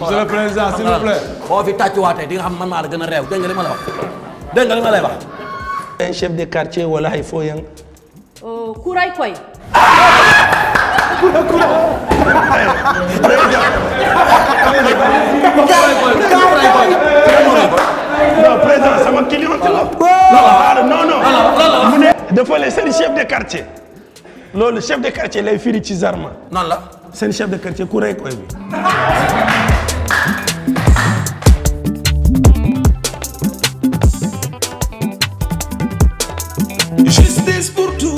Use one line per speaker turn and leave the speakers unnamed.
monsieur le président s'il vous plaît. boo fi tàccuwaatee di nga xam man maa la gën a réew dégg nga li ma de quartier wala ay fooyang. Euh, kuray koy. kura kura. non président sama client la. non non non. mu ne seen chef de quartier. loolu chef Zarma. noonu la seen de quartier kuray koy es por tu